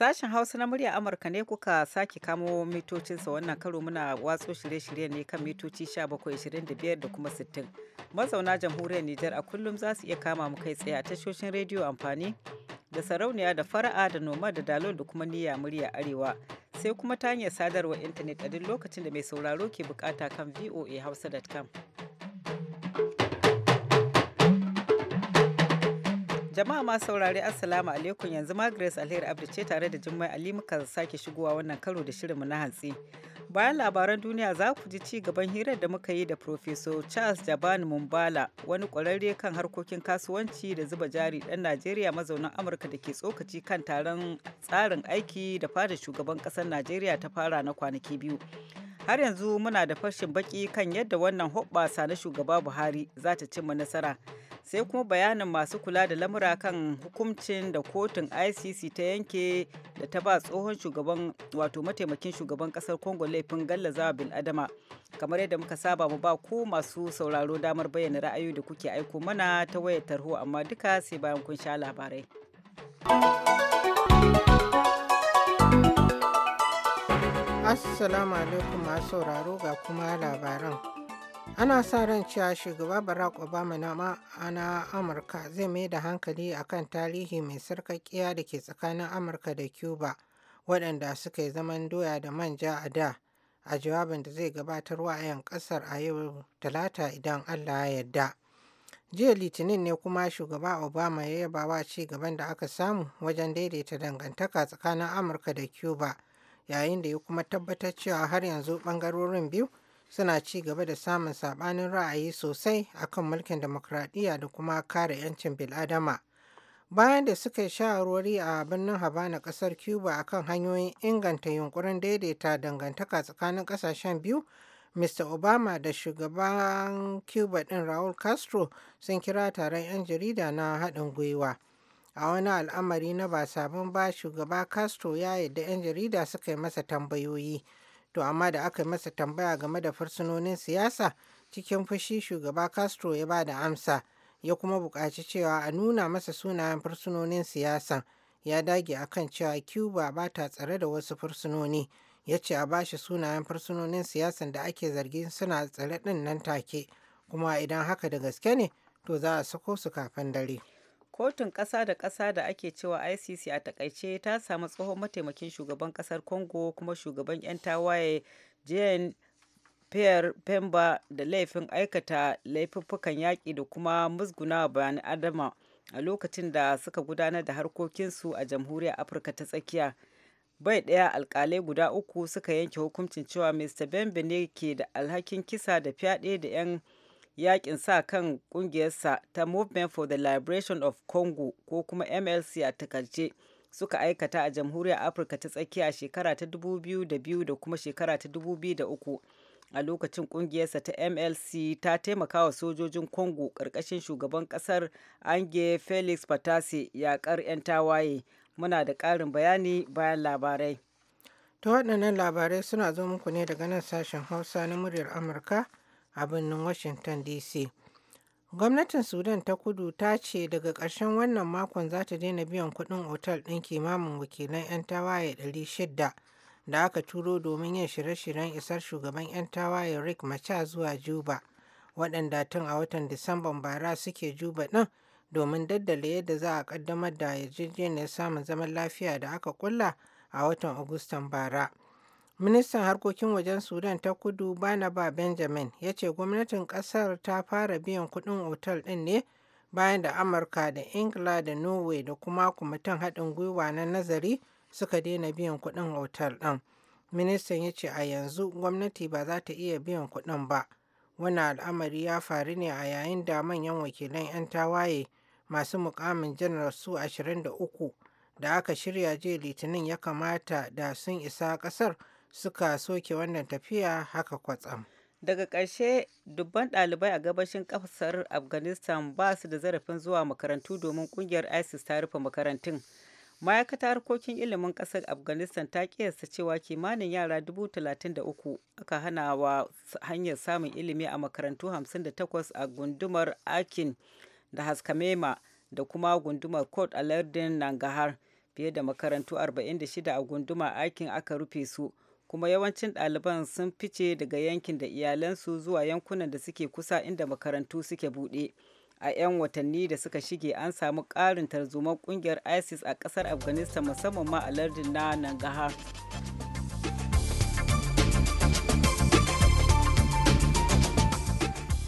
Sashen Hausa na murya Amurka ne kuka sake kamo mitocinsa wannan karo muna watso shirye-shirye ne kan mitoci 1725 da kuma 60. Mazauna jamhuriyar Nijar a kullum za su iya kama mu kai tsaye a tashoshin rediyo amfani da sarauniya da fara'a da noma da dalol da kuma niyya murya arewa sai kuma ta hanyar sadarwar intanet a duk lokacin da mai sauraro ke bukata kan voa hausa.com. Jama'a masu saurare Assalamu alaikum yanzu ma Grace Alheri Abdi ce tare da Jummai Ali muka sake shigowa wannan karo da shirinmu na hantsi. Bayan labaran duniya za ku ji ci gaban hirar da muka yi da Professor Charles Jaban Mumbala wani kwararre kan harkokin kasuwanci da zuba jari dan Najeriya mazaunin Amurka da ke tsokaci kan taron tsarin aiki da fada shugaban ƙasar Najeriya ta fara na kwanaki biyu. har yanzu muna da fashin baki kan yadda wannan hoɓɓasa na shugaba buhari za ta cimma nasara sai kuma bayanin masu kula da lamura kan hukuncin da kotun icc ta yanke da ta ba tsohon shugaban wato mataimakin shugaban kasar congo laifin gallaza bin adama kamar yadda muka saba mu ba ko masu sauraro damar bayyana ra'ayoyi da kuke aiko mana ta wayar tarho amma duka sai bayan kun sha labarai assalamu alaikum masu sauraro ga kuma labaran ana sa ran cewa shugaba barack obama na ma'ana amurka zai mai da hankali akan tarihi mai sarkakkiya da ke tsakanin amurka da cuba waɗanda suka yi zaman doya da manja a da a jawabin da zai gabatar wa 'yan ƙasar a yau talata idan allah ya yarda jiya litinin ne kuma shugaba obama ya yaba wa ci gaban da aka samu wajen daidaita dangantaka tsakanin amurka da cuba yayin da ya kuma tabbatar cewa har yanzu ɓangarorin biyu suna ci gaba da samun saɓanin ra'ayi sosai akan mulkin demokradiyya da kuma kare 'yancin bil'adama. Bayan da suka yi shawarwari a birnin Habana ƙasar Cuba kan hanyoyin inganta yunkurin daidaita dangantaka tsakanin ƙasashen biyu, Mr. Obama da shugaban Cuba ɗin Raul Castro sun kira taron 'yan jarida na haɗin gwiwa. A wani al'amari na ba sabon ba shugaba Castro ya da 'yan jarida suka yi masa tambayoyi. To amma da aka masa tambaya game da fursunonin siyasa cikin fushi shugaba Castro ya ba da amsa ya kuma buƙaci cewa a nuna masa sunayen fursunonin siyasan ya dage akan cewa Cuba ba ta tsare da wasu fursunoni ya ce a bashi sunayen fursunonin siyasan da ake zargin suna tsare ɗin nan take kuma idan haka da gaske ne to za a sako su kafin dare. kotun ƙasa da ƙasa da ake cewa icc a takaice ta samu tsohon mataimakin shugaban ƙasar congo kuma shugaban 'yan tawaye jean pierre pemba da laifin aikata laifuffukan yaƙi da kuma musgunawa bayan adama a lokacin da suka gudanar da harkokinsu a jamhuriyar afirka ta tsakiya bai ɗaya alkalai guda uku suka yanke hukuncin cewa mr bembe ne ke da alhakin kisa da fyaɗe da 'yan yakin sa kan kungiyarsa ta Movement for the Liberation of Congo ko kuma MLC a takalce suka aikata a jamhuriyar Afirka ta tsakiya shekara ta 2002 da kuma shekara ta 2003. a lokacin kungiyarsa ta mlc ta taimakawa sojojin congo karkashin shugaban kasar ange felix patase yakar 'yan tawaye muna da karin bayani bayan labarai ta waɗannan labarai suna zo muku ne daga nan sashen hausa na muryar amurka a birnin Washington DC. Gwamnatin Sudan ta kudu ta ce daga ƙarshen wannan makon za ta daina biyan kuɗin otal ɗin kimamin wakilan 'yan tawaye 600 da aka turo domin yin shirye-shiryen isar shugaban 'yan tawaye Rick macha zuwa Juba, waɗanda tun a watan Disamban bara suke Juba ɗin domin daddale yadda za a ƙaddamar da yarjejeniyar samun zaman lafiya da aka kulla a watan Agustan bara. Ministan harkokin wajen Sudan ta kudu Barnaba Benjamin ya ce gwamnatin kasar ta fara biyan kudin otal din ne bayan da Amurka da Ingila da Norway da kuma kwamitin haɗin gwiwa na nazari suka daina biyan kudin otal din. Ministan ya ce a yanzu gwamnati ba za ta iya biyan kudin ba. Wannan al'amari ya faru ne a yayin da manyan wakilan 'yan tawaye masu mukamin janar su 23 da aka shirya je litinin ya kamata da sun isa kasar suka soke wannan tafiya haka kwatsam. Daga ƙarshe dubban ɗalibai a gabashin ƙasar Afghanistan ba su da zarafin zuwa makarantu domin ƙungiyar ISIS ta rufe makarantun. ma'aikata harkokin ilimin ƙasar afghanistan ta ƙiyasta cewa kimanin yara uku, aka hana wa hanyar samun ilimi a makarantu 58 a gundumar akin da haskamema da kuma gundumar Kot alardin lardin nangahar fiye da makarantu 46 a gunduma akin aka rufe su kuma yawancin ɗaliban sun fice daga yankin da iyalansu zuwa yankunan da suke kusa inda makarantu suke buɗe. a 'yan watanni da suka shige an samu ƙarin tarzoman ƙungiyar isis a ƙasar afghanistan musamman ma a lardin na nangaha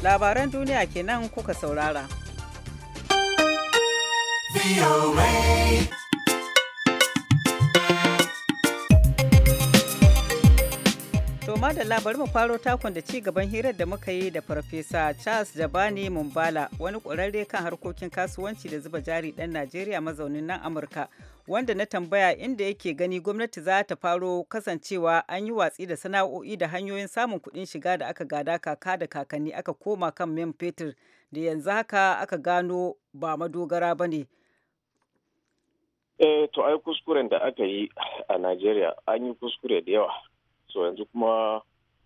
labaran duniya kenan kuka saurara. da labar mu faro takon da ci gaban hirar da muka yi da farfesa Charles Jabani Mumbala wani kwararre kan harkokin kasuwanci da zuba jari dan Najeriya mazaunin nan Amurka wanda na tambaya inda yake gani gwamnati za ta faro kasancewa an yi watsi da sana'o'i da hanyoyin samun kuɗin shiga da aka gada kaka da kakanni aka koma kan man fetur da yanzu haka aka gano ba madogara ba ne. Eh, to ai kuskuren da aka yi a Najeriya an yi kuskure da yawa so yanzu kuma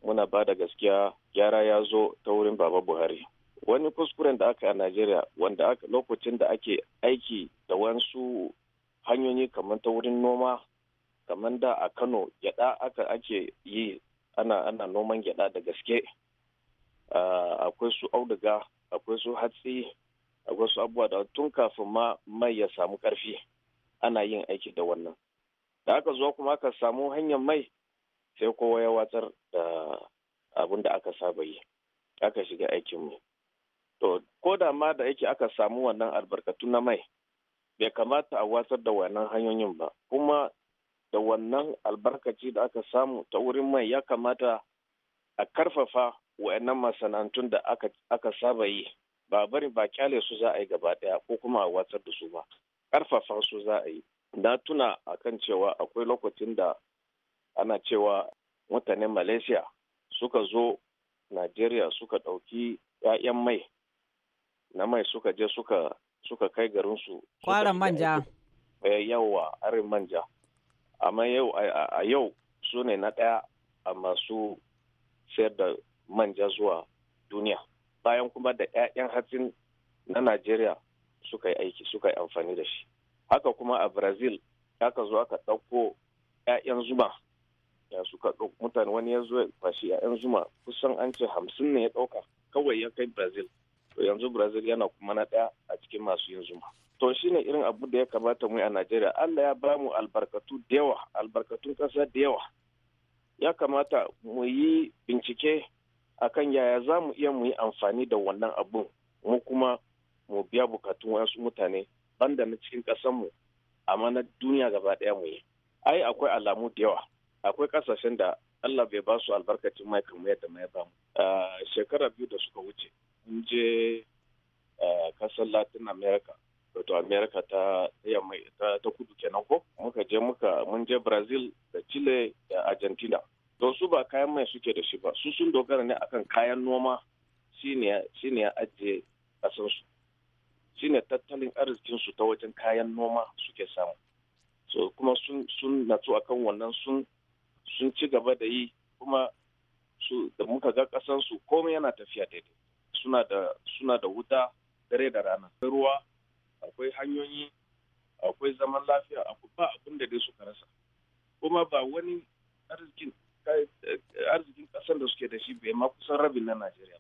muna ba da gaskiya gyara ya zo ta wurin baba buhari wani kuskuren da aka a najeriya wanda lokacin da ake aiki da wasu hanyoyi kamar ta wurin noma kamar da a kano gyada aka ake yi ana ana noman gyada da gaske akwai su auduga akwai su hatsi akwai su abubuwa da tun kafin ma mai ya samu karfi ana yin aiki da wannan da aka zo kuma aka samu hanyar mai sai kowa ya watsar da abin da aka saba yi aka shiga aikin mu to ko da ma da yake aka samu wannan albarkatu na mai bai kamata a watsar da wannan hanyoyin ba kuma da wannan albarkaci da aka samu ta wurin mai ya kamata a karfafa wa'annan masana'antun da aka saba yi ba bari ba kyale su za a yi gaba daya ko kuma a watsar da su ba karfafa su za a yi na tuna akan cewa akwai lokacin da ana cewa mutanen malaysia suka zo najeriya suka ɗauki 'ya'yan mai na mai suka je suka kai garinsu kwaran manja eh, yawa arin manja amma yau a yau su ne na ɗaya a masu sayar da manja zuwa duniya bayan kuma da 'ya'yan hatsin na najeriya suka yi aiki suka yi amfani da shi haka kuma a brazil aka zo aka ɗauko 'ya'yan zuma ya suka mutane wani ya zo kwashi yan zuma kusan an ce hamsin ne ya ɗauka kawai ya kai brazil to yanzu brazil yana kuma na ɗaya a cikin masu yin zuma to shine irin abu da ya kamata mu a najeriya allah ya ba mu albarkatu da yawa albarkatun ƙasa da yawa ya kamata mu yi bincike akan yaya za mu iya mu yi amfani da wannan abun mu kuma mu biya bukatun wasu mutane banda na cikin ƙasanmu amma na duniya gaba ɗaya mu yi ai akwai alamu da yawa akwai kasashen da Allah bai ba su albarkacin mai kamar yadda mai ba mu shekara biyu da suka wuce in je kasar Latin America wato America ta yamma ta kudu kenan ko muka je muka mun je Brazil da Chile da Argentina don su ba kayan mai suke da shi ba su sun dogara ne akan kayan noma shi ne ya ajiye kasansu ne tattalin arzikinsu ta wajen kayan noma suke samu so kuma sun natsu akan wannan sun sun ci gaba da yi kuma su da muka ga kasansu komai yana tafiya daidai suna da wuta dare da rana ruwa akwai hanyoyi akwai zaman lafiya akwai ba abin da dai suka rasa kuma ba wani arzikin arzikin kasan da suke da shi bai ma kusan rabin na Najeriya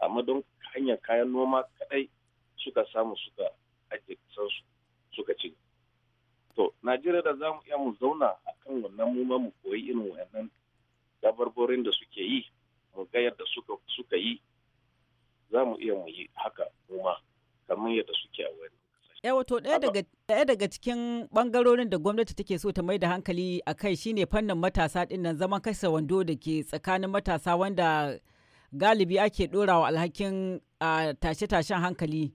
amma don hanyar kayan noma kadai suka samu suka ajiye kasansu suka ci to najeriya da za mu iya mu zauna a kan wannan mu mu koyi irin wannan dabarborin da suke yi mu ga yadda suka yi za mu iya mu yi haka mu ma kamar yadda suke a wani yawa to ɗaya daga cikin bangarorin da gwamnati take so ta mai da hankali a kai shine fannin matasa ɗin nan zaman kasa wando da ke tsakanin matasa wanda galibi ake ɗorawa alhakin a tashe-tashen hankali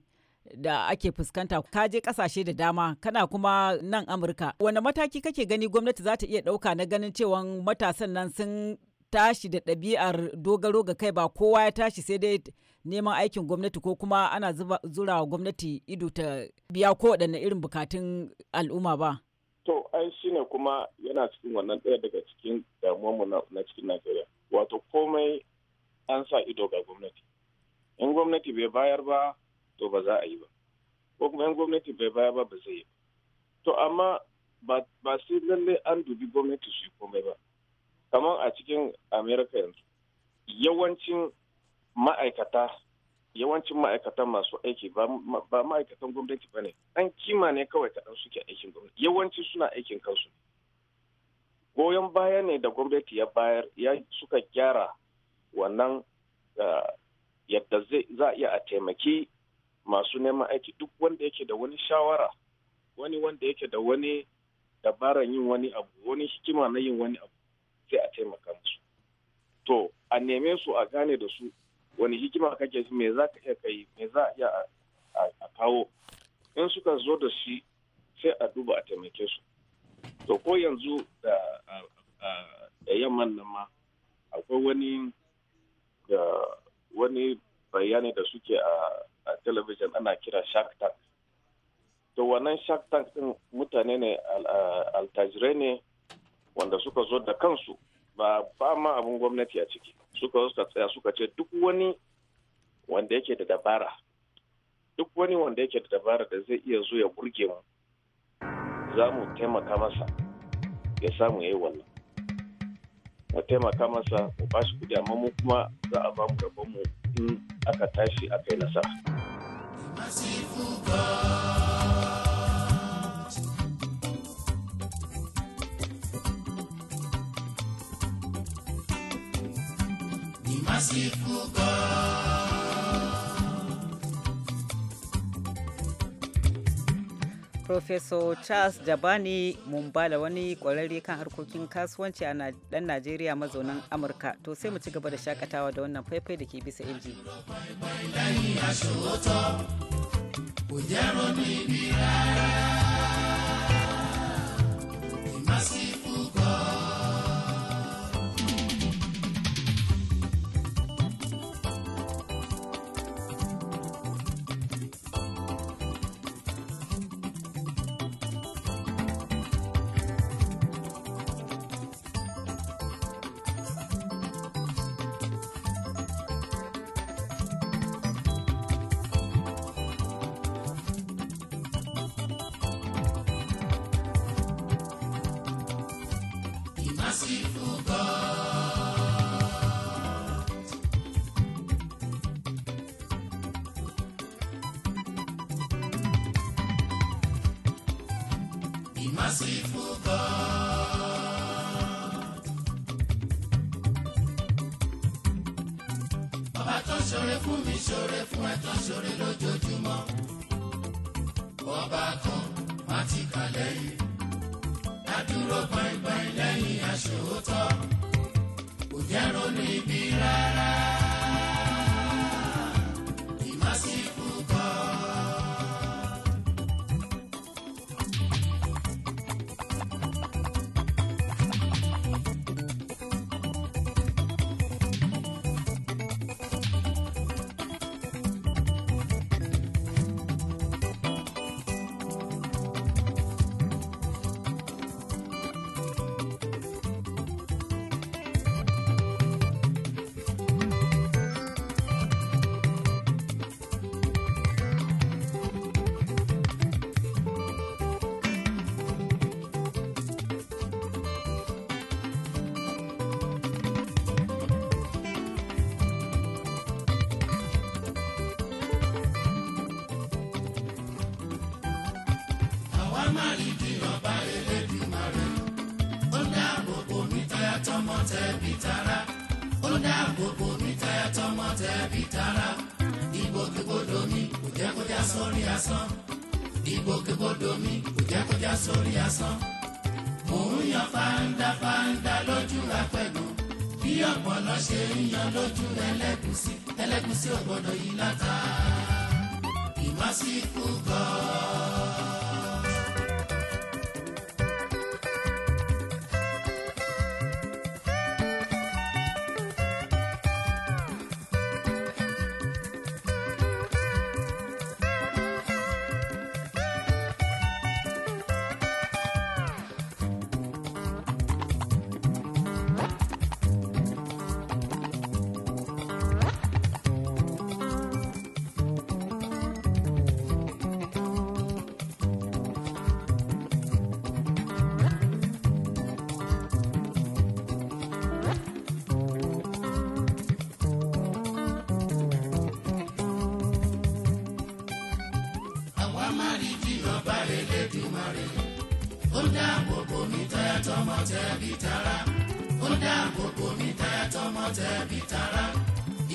da ake fuskanta ka je kasashe da dama kana kuma nan amurka wani mataki kake gani gwamnati za ta iya ɗauka na ganin cewa matasan nan sun tashi da ɗabi'ar dogaro ga kai ba kowa ya tashi sai dai neman aikin gwamnati ko kuma ana zura wa gwamnati ido ta biya ko waɗanne irin bukatun al'umma ba to ai shine kuma yana cikin wannan ɗaya daga cikin damuwarmu na cikin najeriya wato komai an sa ido ga gwamnati in gwamnati bai bayar ba to ba za a yi ba ko kuma yan gwamnati bai baya ba ba zai yi to amma ba sai lalle an dubi gwamnati su komai ba kamar a cikin america yanzu yawancin ma'aikata yawancin ma'aikata masu aiki ba ma'aikatan gwamnati ba ne an kima ne kawai kaɗan suke aikin gwamnati yawanci suna aikin kansu goyon baya ne da gwamnati ya bayar ya suka gyara wannan eh, yadda za a iya a taimaki masu neman aiki duk wanda yake da wani shawara wani wanda yake da wani dabaran yin wani abu wani hikima na yin wani abu sai a taimaka musu to a neme su a gane da su wani hikima kake me za ka iya kai me za a iya a kawo in suka zo da shi sai a duba a taimake su to ko yanzu da da yamman nan ma akwai wani wani bayani da suke a a television ana kira shark tank to wannan shark tank din mutane ne altajirai ne wanda suka zo da kansu ba ba ma abin gwamnati a ciki suka zo tsaya suka ce duk wani wanda yake da dabara duk wani wanda yake da dabara da zai iya zo ya burge mu za mu taimaka masa ya samu ya yi wannan mu taimaka masa mu bashi kudi amma mu kuma za a bamu rabon mu in aka tashi aka yi nasara. Merciful God. Professor Charles Jabani Mumbala wani kwararre kan harkokin kasuwanci a ɗan Najeriya mazaunan Amurka. To sai mu ci gaba da shakatawa da wannan faifai da ke bisa inji. dúró gbọ̀ngbọ̀n lẹ́yìn àṣòótọ́ kò jẹ́ ronú ibi rárá. mari di ọba Elédùmarè ó dáàbò bò mí táyà tọmọ tẹbí tará ó dáàbò bò mí táyà tọmọ tẹbí tará ìgbòkègbodò mi kò jẹ́ kó já sórí asán ìgbòkègbodò mi kò jẹ́ kó já sórí asán mò ń yan fáńdá fáńdá lójú apẹ̀gùn bí ọ̀pọ̀lọ́ ṣe ń yan lójú ẹlẹ́gùsí ẹlẹ́gùsí kú gan-an. tẹ̀bi tará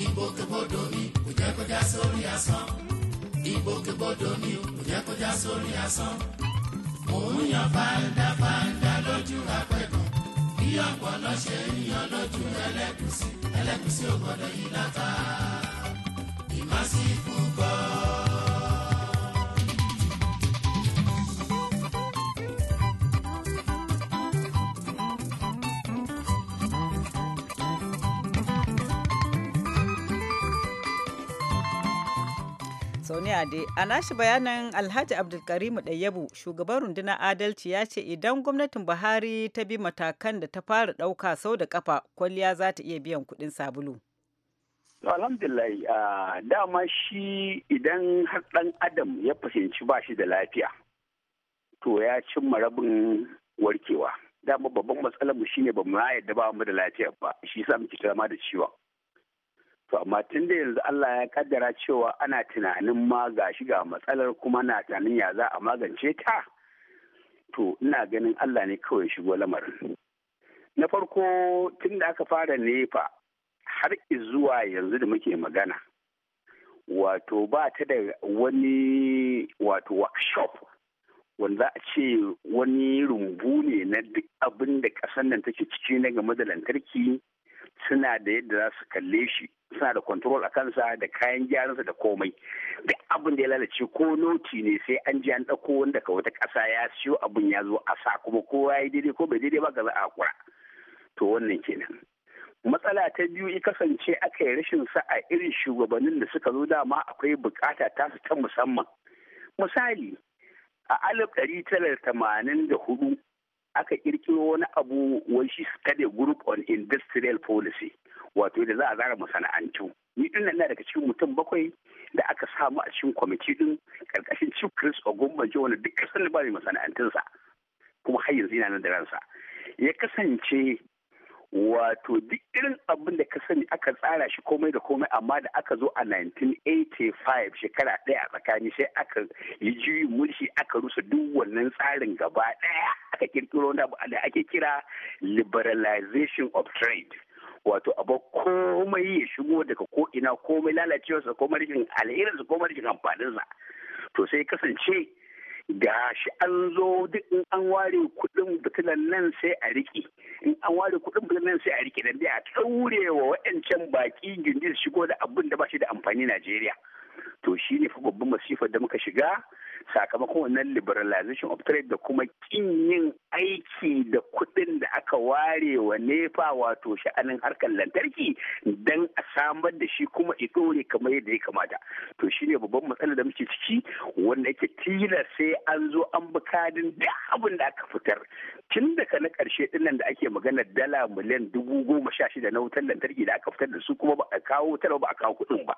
ìgbòkègbodò mi kò jẹ́ kọjá sórí asán ìgbòkègbodò mi kò jẹ́ kọjá sórí asán mò ń yan fàǹdà fàǹdà lójú apẹ̀gàn bí ọpọlọ ṣe ń yan lójú ẹlẹ́kùsí ẹlẹ́kùsí ò gbọ́dọ̀ yí látà ìmásí ikú. Sauniya dai a nashi bayanan Alhaji Abdulkarimu Ɗayyabu shugaban rundunar adalci ya ce idan gwamnatin Buhari ta bi matakan da ta fara ɗauka sau da kafa kwalliya za ta iya biyan kuɗin sabulu. Alhamdulillah dama shi idan har ɗan adam ya fahimci ba shi da lafiya to ya cimma rabin warkewa. Dama babban matsalar mu shine ba mu yarda ba mu da lafiya ba shi sa muke kama da ciwon. to amma tun da yanzu Allah ya kaddara cewa ana tunanin ma ga shi ga matsalar kuma na tunanin ya za a magance ta to ina ganin Allah ne kawai shigo lamarin na farko tun da aka fara nefa har zuwa yanzu da muke magana wato ba ta da wani wato workshop wanda a ce wani rumbu ne na duk abin da ƙasar nan take ciki na game da lantarki suna da yadda za su kalle shi suna da control a kansa da kayan gyaransa da komai da abin da ya lalace ko noti ne sai an ji an ɗauko wanda ka wata ƙasa ya siyo abin ya zo a sa kuma kowa ya daidai ko bai daidai ba ga za a kura to wannan kenan matsala ta biyu i kasance aka yi rashin sa'a irin shugabannin da suka zo dama akwai bukata ta su ta musamman misali a alif ɗari tara tamanin da hudu aka kirkiro wani abu wanshi shi study group on industrial policy wato da za a zara masana'antu ni din nan daga cikin mutum bakwai da aka samu a cikin kwamiti ɗin karkashin chief chris ogumbajo wanda duk kasan ba ne masana'antunsa kuma har yanzu yana nan da ransa ya kasance wato duk irin abin da ka sani aka tsara shi komai da komai amma da aka zo a 1985 shekara ɗaya a tsakani sai aka yi juyin mulki aka rusa duk wannan tsarin gaba ɗaya aka kirkiro wanda ake kira liberalization of trade wato abu komai ya shigo daga ko ina komai lalacewarsa komai rikin alherinsa komai rikin amfaninsa to sai kasance da shi an zo duk in an ware kudin fitilan nan sai a riki in an ware kudin fitilan nan sai a riki dan dai a taure wa wayancan baki gindin shigo da abin da ba shi da amfani Najeriya to shine fa babban masifar da muka shiga sakamakon wannan liberalization of trade da kuma kin yin aiki da kuɗin da aka ware wa nefa wato sha'anin harkar lantarki don a samar da shi kuma i dore kamar yadda ya kamata to shine babban matsalar da muke ciki wanda yake tilar sai an zo an bi kadin duk abin da aka fitar tun daga na ƙarshe dinnan da ake magana dala miliyan dubu goma sha shida na wutar lantarki da aka fitar da su kuma ba a kawo wutar ba a kawo kuɗin ba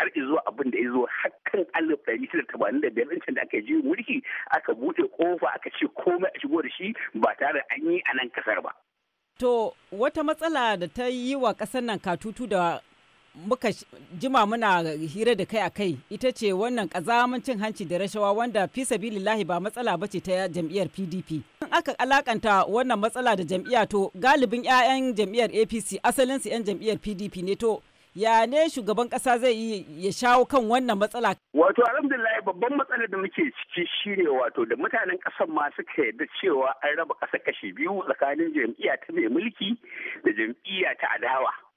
har izuwa abin da ya zo kan alif ɗari shida tamanin da biyar incin da aka ji mulki aka buɗe kofa aka ce komai a shigo da shi ba tare an yi a nan kasar ba. To wata matsala da ta yi wa ƙasar nan katutu da muka jima muna hira da kai a kai ita ce wannan kazamin cin hanci da rashawa wanda fi sabilillahi ba matsala ba ce ta jam'iyyar pdp in aka alakanta wannan matsala da jam'iyya to galibin 'ya'yan jam'iyyar apc asalinsu 'yan jam'iyyar pdp ne to ya ne shugaban ƙasa zai yi ya shawo kan wannan matsala. Wato alhamdulillah babban matsalar da muke ciki shine wato da mutanen kasan ma suka yarda cewa an raba kasa kashi biyu tsakanin jam'iyya ta mai mulki da jam'iyya ta adawa.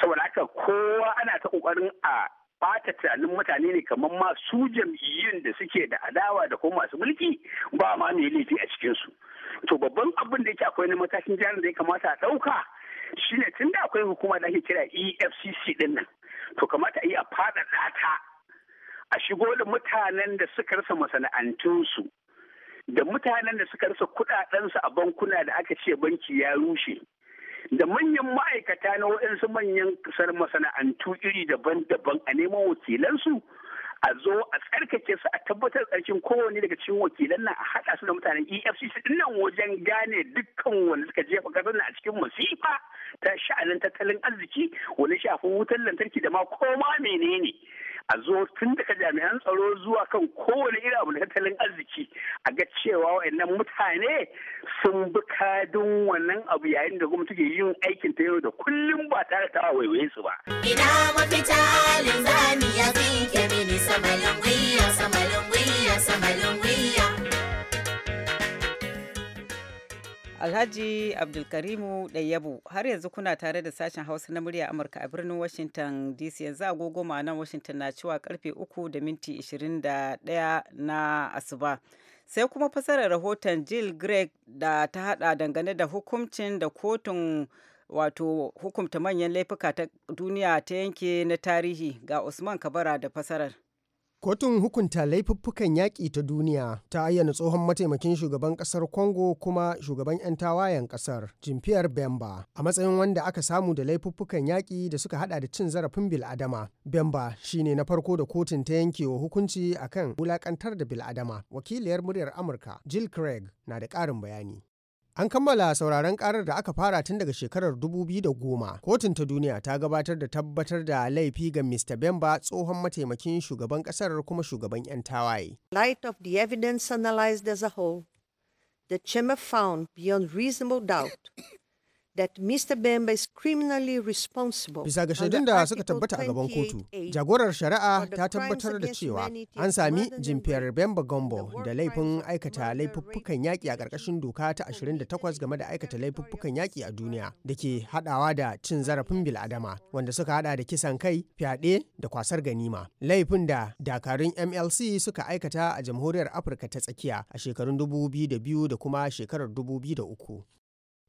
saboda haka kowa ana ta kokarin a bata tunanin mutane ne kamar masu jam'iyyun da suke da adawa da kuma masu mulki ba ma mai laifi a cikin su to babban abin da yake akwai na matakin jihar da ya kamata a ɗauka shine tun da akwai hukuma da ake kira efcc din nan to kamata a yi a fada data a shigo da mutanen da suka rasa masana'antunsu da mutanen da suka rasa kuɗaɗensu a bankuna da aka ce banki ya rushe da manyan ma'aikata na waɗansu manyan masana'antu iri daban-daban a neman wakilansu a zo a tsarkake su a tabbatar tsarkin kowane daga cikin wakilan nan a haɗa su da mutanen efcc nan wajen gane dukkan wanda suka jefa ƙasar nan a cikin masifa ta sha'anin tattalin arziki wani shafin wutar lantarki da ma koma menene a zo tun daga jami'an tsaro zuwa kan kowane irin abu da tattalin arziki a ga cewa wayannan mutane sun bi kadin wannan abu yayin da gwamnati ke yin aikin ta yau da kullum ba tare da ta waiwaye su ba. Ina mafita linzami ya fi Alhaji Abdulkarimu Ɗayyabu har yanzu kuna tare da sashen Hausa na murya Amurka a birnin Washington DC yanzu agogo ma'anar Washington na cewa karfe 3 da minti 21 na Asuba. Sai kuma fasarar rahoton Jill Gregg da ta hada dangane da hukuncin da kotun wato hukumta manyan laifuka ta duniya ta yanke na tarihi ga Usman Kabara da fasarar. Kotun Hukunta Laifuffukan Yaƙi ta Duniya ta ayyana tsohon mataimakin shugaban ƙasar Congo kuma shugaban 'yan tawayen ƙasar, Jimfiyar Bemba, a matsayin wanda aka samu da laifuffukan yaƙi da suka haɗa da cin zarafin bil'adama. Bemba shi ne na farko da kotun ta yanke wa hukunci akan kan wulaƙantar da bil'adama. Wakiliyar muryar Amurka, Jill Craig, na da ƙarin bayani. An kammala sauraron karar da aka fara tun daga shekarar 2010. Kotun ta duniya ta gabatar da tabbatar da laifi ga Mr. Bemba tsohon mataimakin shugaban kasar kuma shugaban 'yan tawaye. Light of the evidence analyzed as a whole, the chamber found beyond reasonable doubt that Mr. Bemba is criminally responsible. Bisa ga shaidun da suka tabbata a gaban kotu, jagorar shari'a ta tabbatar da cewa an sami Jim Pierre Bemba Gombo da laifin aikata laifuffukan yaƙi a ƙarƙashin doka ta 28 game da aikata laifuffukan yaƙi a duniya da ke haɗawa da cin zarafin bil'adama wanda suka haɗa da kisan kai, fyaɗe da kwasar ganima. Laifin da dakarun MLC suka aikata a jamhuriyar Afirka ta tsakiya a shekarun 2002 da kuma shekarar 2003.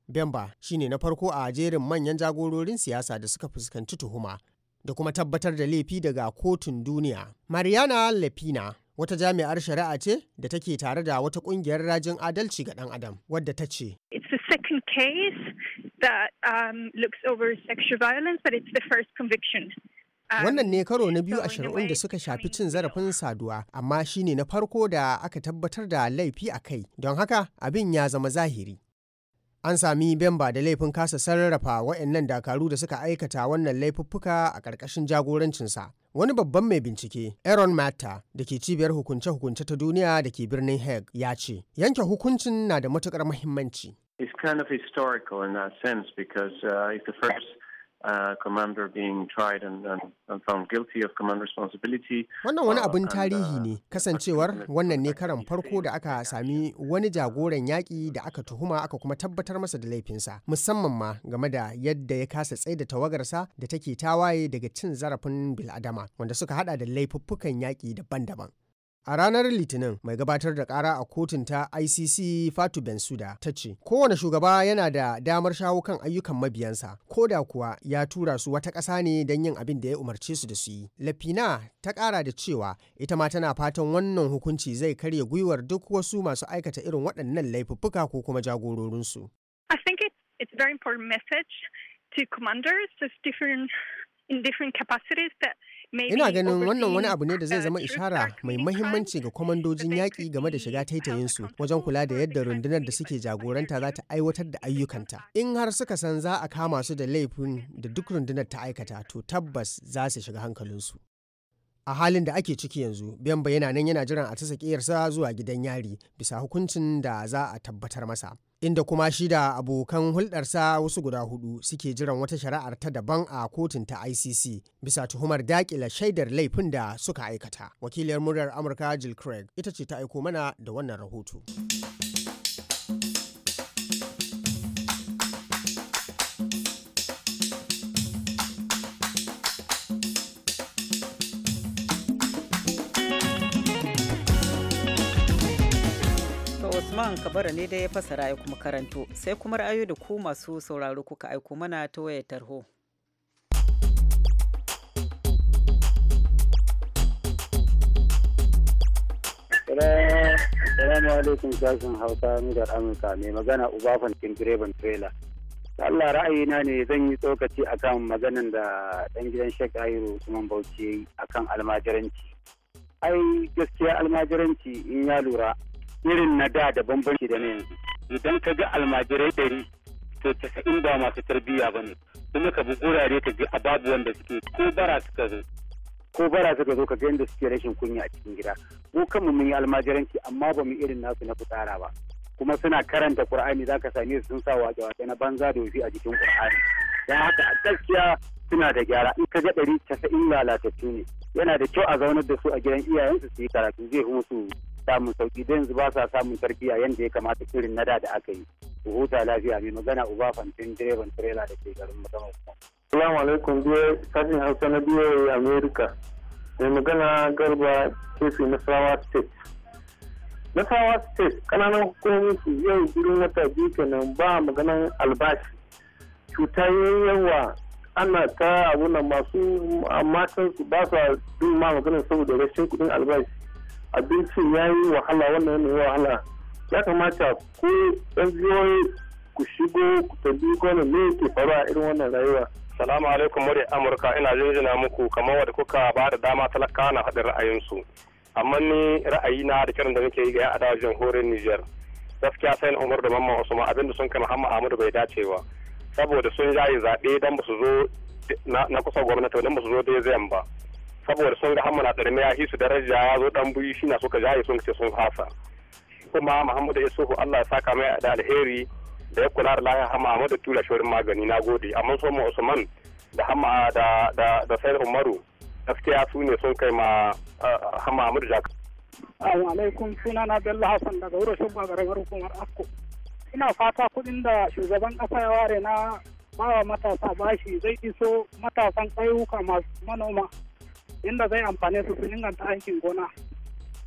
Bemba shine na farko a jerin manyan jagororin siyasa da suka fuskanci tuhuma da kuma tabbatar da laifi daga kotun duniya. Mariana Lepina wata jami'ar shari'a ce da take tare da wata ƙungiyar rajin adalci ga ɗan adam wadda ta ce. It's the second um, over sexual violence but it's the um, Wannan ne karo na biyu a shari'un da suka shafi cin zarafin saduwa, amma shi ne na farko da aka tabbatar da laifi a kai, don haka abin ya zama zahiri. an sami bemba da laifin kasa sarrafa waɗannan dakaru da suka aikata wannan laifuffuka a ƙarƙashin jagorancinsa wani babban mai bincike aaron matta da ke cibiyar hukunce-hukunce ta duniya da ke birnin hague ya ce yanke hukuncin na da matukar muhimmanci It's kind of historical in that sense because uh, it's the first commander being tried and, and, and found Wannan wani uh, abin tarihi uh, ne kasancewar wannan ne karan farko da aka sami wani jagoran yaƙi da aka tuhuma aka kuma tabbatar masa da laifinsa musamman ma game da yadda ya kasa tsaida tawagarsa da take tawaye daga cin zarafin biladama wanda suka hada da laifuffukan yaƙi daban-daban. A ranar Litinin, mai gabatar da kara a kotun ta ICC Fatu Bensuda ta ce, Kowane shugaba yana da damar shawo kan ayyukan mabiyansa, ko da kuwa ya tura su wata ƙasa ne don yin abin da ya umarce su da su yi. Lafina ta ƙara da cewa ita ma tana fatan wannan hukunci zai karya gwiwar duk wasu masu aikata irin waɗannan laifuffuka ko kuma jagororinsu. I think it's, it's very important message to commanders of different in different capacities that Ina ganin wannan wani abu ne da zai zama ishara mai mahimmanci ga kwamandojin yaƙi game da shiga taitayinsu wajen kula da yadda rundunar da suke jagoranta za ta aiwatar da ayyukanta. In har suka san za a kama su da laifin da duk rundunar ta aikata to tabbas za su shiga hankalinsu. a halin da ake ciki yanzu bemba yana nan yana jiran a ta sakiyarsa zuwa gidan yari bisa hukuncin da za a tabbatar masa inda kuma shi da abokan hulɗarsa wasu guda hudu suke jiran wata shari'ar ta daban a kotun ta ICC bisa tuhumar dakila shaidar laifin da suka aikata. Wakiliyar muryar Amurka Jill Craig ita ce ta aiko mana da wannan rahoto. usman kabara ne dai ya fasa ya kuma karanto sai kuma ra'ayo da ku masu sauraro kuka aiko mana ta wayar tarho Salamu alaikum sashen Hausa da Amurka mai magana Ubafan cikin direban da Allah na ne zan yi tsokaci akan maganan da ɗan gidan Sheikh Airo Usman Bauchi a kan akan almajiranci. Ai gaskiya almajiranci in ya lura irin na da da bambanci da na yanzu idan ka ga almajirai ɗari to casa'in ba masu tarbiyya ba ne kuma ka bi gurare ka ga ababuwan wanda suke ko bara suka zo ko bara suka zo ka ga yadda suke rashin kunya a cikin gida mu kanmu mun yi almajiranci amma ba mu irin nasu na fitara ba kuma suna karanta qur'ani zaka same su sun sa waƙe waƙe na banza da wafi a jikin qur'ani don haka a gaskiya suna da gyara in ka ga ɗari casa'in lalatattu ne yana da kyau a zaunar da su a gidan iyayensu su yi karatu zai fi musu samun sauki da yanzu ba sa samun tarbiyya yanda ya kamata irin na da da aka yi ku huta lafiya mai magana uba fantin direban trailer da ke garin musamman Assalamu alaikum biyo sashen Hausa na biyo America mai magana garba kefi Nasarawa State Nasarawa State kananan hukumomi su yau gurin wata biyu kenan ba maganan albashi cuta yawa ana ta abuna masu matan su ba sa bin ma maganar saboda rashin kudin albashi abincin ya yi wahala wannan yanayi wahala ya kamata ko ɗan ku shigo ku tabi gwana ne ke faru a irin wannan rayuwa. Salamu alaikum murya Amurka ina jinjina muku kamar wadda kuka ba da dama talaka na haɗin ra'ayinsu. Amma ni ra'ayi na da kiran da muke yi ga 'yan adawa jamhuriyar Nijar. Gaskiya sai na Umar da Mamman Usman abinda sun kai Muhammad Ahmadu bai dace ba. Saboda sun yi zaɓe don ba su zo na kusa gwamnati don ba su zo da zai ba. saboda sun ga hamma na tsarmi ya hisu daraja ya zo dan buyi shi na suka jaye sun ce sun hasa kuma muhammadu isuhu allah ya saka mai da alheri da ya kula da hama hamma mada tura shorin magani na gode amma so mu usman da hamma da da da umaru gaskiya su ne sun kai ma eh, hamma amadu jaka Assalamu alaikum suna na Bello Hassan daga wurin shugaba garin hukumar Akko. Ina fata kuɗin da shugaban kasa ya ware na bawa matasa bashi zai iso matasan ƙauyuka masu manoma inda zai eh, amfane su su inganta aikin gona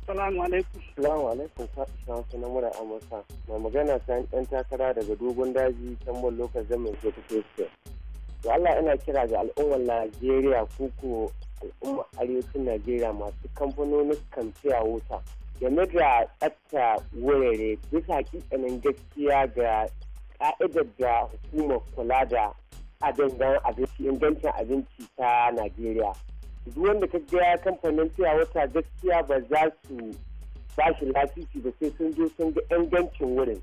salamu alaikum salamu alaikum sa'asu na mura amurka mai magana ta yan takara daga dogon daji tambon lokacin zamin ko ta Allah ina kira ga al'ummar najeriya koko al'ummar arewacin najeriya masu kamfanonin kamfiya wuta game da tsafta wurare bisa hakikanin gaskiya ga ka'idar da hukumar kula da adangan abinci ingancin abinci ta najeriya duk wanda ka gaya kamfanin tiya wata gaskiya ba za su ba shi lafifi ba sai sun zo sun ga ingancin wurin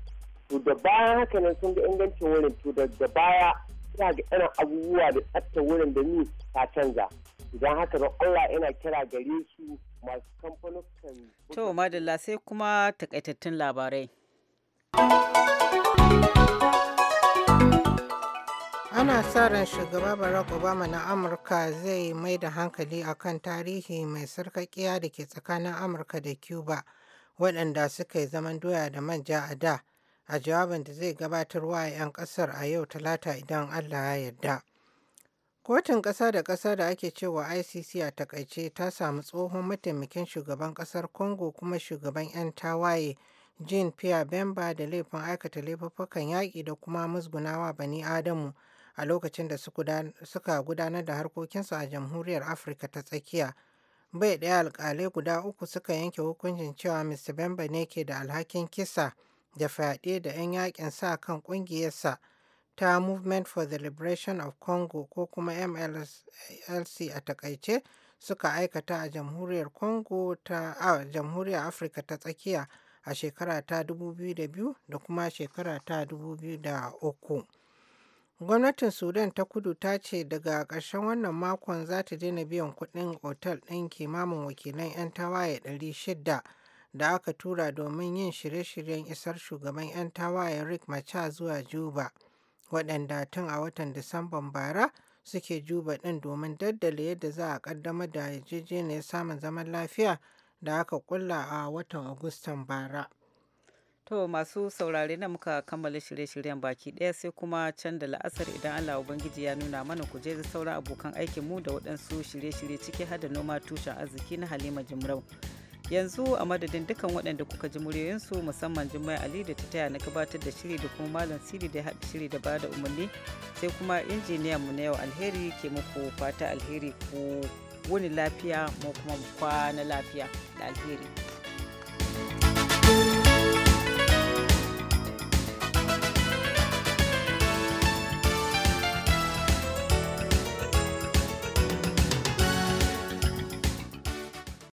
to da bayan haka nan sun ga ingancin wurin to da baya suna ga irin abubuwa da tsaftar wurin da ni ta canza idan haka don Allah yana kira gare su masu kamfanin to madalla sai kuma takaitattun labarai ana sa ran shugaba barack obama na amurka zai mai da hankali akan tarihi mai sarkakiya da ke tsakanin amurka da cuba waɗanda suka yi zaman doya da manja a da a jawabin da zai gabatar a 'yan ƙasar a yau talata idan allah ya yarda kotun ƙasa da ƙasa da ake cewa icc a takaice ta samu tsohon mataimakin shugaban ƙasar congo kuma shugaban 'yan tawaye jean pierre bemba da laifin aikata laifuffukan yaƙi da kuma musgunawa bani adamu a lokacin da suka gudanar da harkokinsu a jamhuriyar afirka ta tsakiya bai ɗaya alkalai guda uku suka yanke hukuncin cewa mr bemba ne ke da alhakin kisa da fyaɗe da 'yan yakin sa kan ƙungiyarsa ta movement for the liberation of congo ko kuma mlc a takaice suka aikata a jamhuriyar congo ta a jamhuriyar afirka ta tsakiya a shekara ta 2002 da kuma shekara ta 2003 Gwamnatin Sudan ta kudu ta ce daga ƙarshen wannan makon za ta daina biyan kuɗin otal ɗin kimamin wakilan 'yan tawaye 600 da aka tura domin yin shirye-shiryen isar shugaban 'yan tawaye Rick macha zuwa Juba, waɗanda tun a watan Disamban bara suke Juba ɗin domin daddale yadda za a ƙaddamar da yarjejeniyar samun zaman lafiya da aka ƙulla a watan Agustan bara. To masu saurare na muka kammala shirye-shiryen baki ɗaya sai kuma can da la'asar idan Allah Ubangiji ya nuna mana ku je da sauran abokan aikin mu da waɗansu shirye-shirye ciki har da noma tushen arziki na Halima Jimrau. Yanzu a madadin dukkan waɗanda kuka ji muryoyinsu musamman Jummai Ali da ta taya na gabatar da shiri da kuma Malam Siri da haɗa shiri da bada umarni sai kuma injiniyan mu na yau alheri ke muku fata alheri ko wani lafiya mu kuma kwana lafiya da alheri.